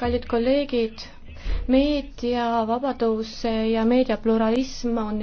kallid kolleegid, meediavabadus ja meediapluralism on